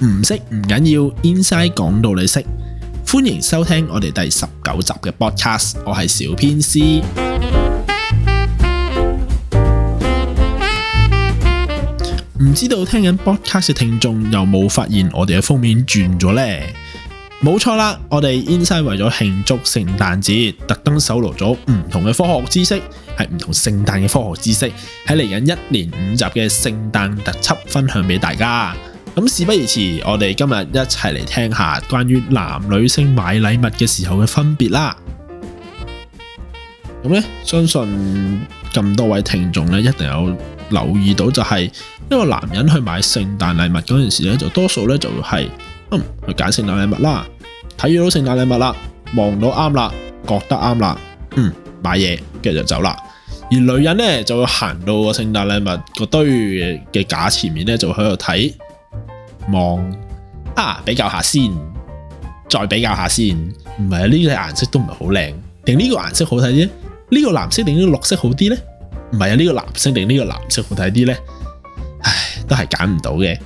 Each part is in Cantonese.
唔識唔緊要，Inside 講到你識。歡迎收聽我哋第十九集嘅 Podcast，我係小編師。唔知道聽緊 Podcast 嘅聽眾有冇發現我哋嘅封面轉咗呢？冇錯啦，我哋 Inside 為咗慶祝聖誕節，特登搜羅咗唔同嘅科學知識，係唔同聖誕嘅科學知識，喺嚟緊一年五集嘅聖誕特輯分享俾大家。咁事不宜遲，我哋今日一齊嚟聽下關於男女性買禮物嘅時候嘅分別啦。咁咧，相信咁多位聽眾咧一定有留意到，就係，就係因為男人去買聖誕禮物嗰陣時咧，就多數咧就會係嗯去揀聖誕禮物啦，睇到聖誕禮物啦，望到啱啦，覺得啱啦，嗯買嘢，跟住就走啦。而女人咧就會行到個聖誕禮物個堆嘅架前面咧，就會喺度睇。望啊，比較下先，再比較下先，唔係啊，呢個顏色都唔係好靚，定呢個顏色好睇啲？呢個藍色定呢個綠色好啲呢？唔係啊，呢個藍色定呢個藍色好睇啲呢？唉，都係揀唔到嘅。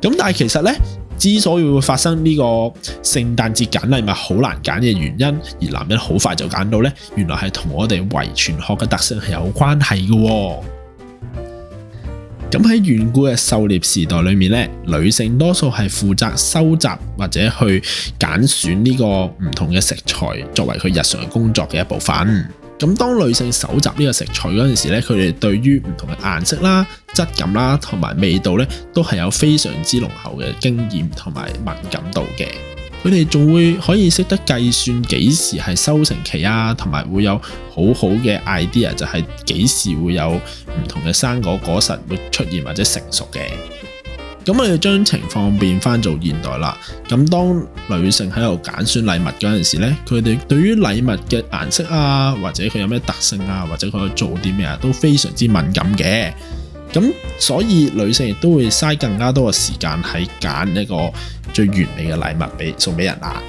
咁但係其實呢，之所以會發生呢個聖誕節揀禮物好難揀嘅原因，而男人好快就揀到呢，原來係同我哋遺傳學嘅特性係有關係嘅喎。咁喺遠古嘅狩獵時代裏面咧，女性多數係負責收集或者去揀選呢個唔同嘅食材作為佢日常工作嘅一部分。咁當女性搜集呢個食材嗰陣時咧，佢哋對於唔同嘅顏色啦、質感啦同埋味道咧，都係有非常之濃厚嘅經驗同埋敏感度嘅。佢哋仲會可以識得計算幾時係收成期啊，同埋會有好好嘅 idea，就係幾時會有唔同嘅生果果實會出現或者成熟嘅。咁我哋將情況變翻做現代啦。咁當女性喺度揀選禮物嗰陣時呢，佢哋對於禮物嘅顏色啊，或者佢有咩特性啊，或者佢做啲咩啊，都非常之敏感嘅。咁所以女性亦都會嘥更加多嘅時間喺揀一個最完美嘅禮物俾送俾人啦。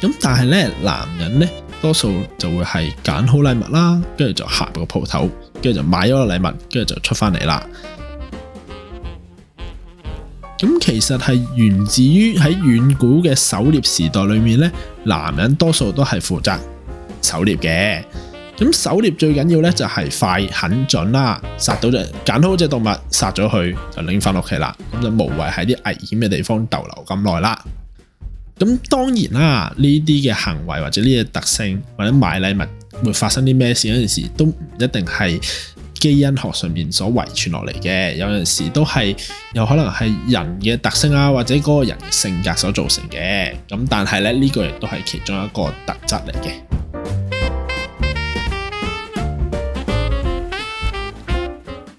咁但係咧，男人咧多數就會係揀好禮物啦，跟住就入個鋪頭，跟住就買咗個禮物，跟住就出翻嚟啦。咁其實係源自於喺遠古嘅狩獵時代裏面咧，男人多數都係負責狩獵嘅。咁狩獵最緊要咧就係快、狠、準啦，殺到只揀好隻動物，殺咗佢就拎翻落嚟啦。咁就無謂喺啲危險嘅地方逗留咁耐啦。咁當然啦，呢啲嘅行為或者呢啲特性，或者買禮物會發生啲咩事有陣時，都唔一定係基因學上面所遺傳落嚟嘅。有陣時都係有可能係人嘅特性啊，或者嗰個人嘅性格所造成嘅。咁但係咧，呢個亦都係其中一個特質嚟嘅。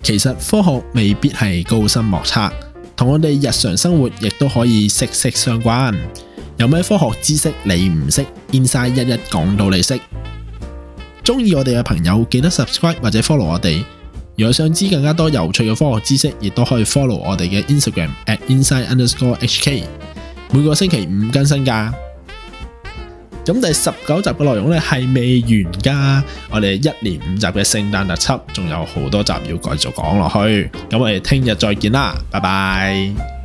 其實科學未必係高深莫測，同我哋日常生活亦都可以息息相關。有咩科學知識你唔識，Inside 一一講到你識。中意我哋嘅朋友記得 subscribe 或者 follow 我哋。如果想知更加多有趣嘅科學知識，亦都可以 follow 我哋嘅 Instagram at Inside_HK。每個星期五更新噶。咁第十九集嘅內容呢係未完㗎，我哋一年五集嘅聖誕特輯仲有好多集要繼續講落去。咁我哋聽日再見啦，拜拜。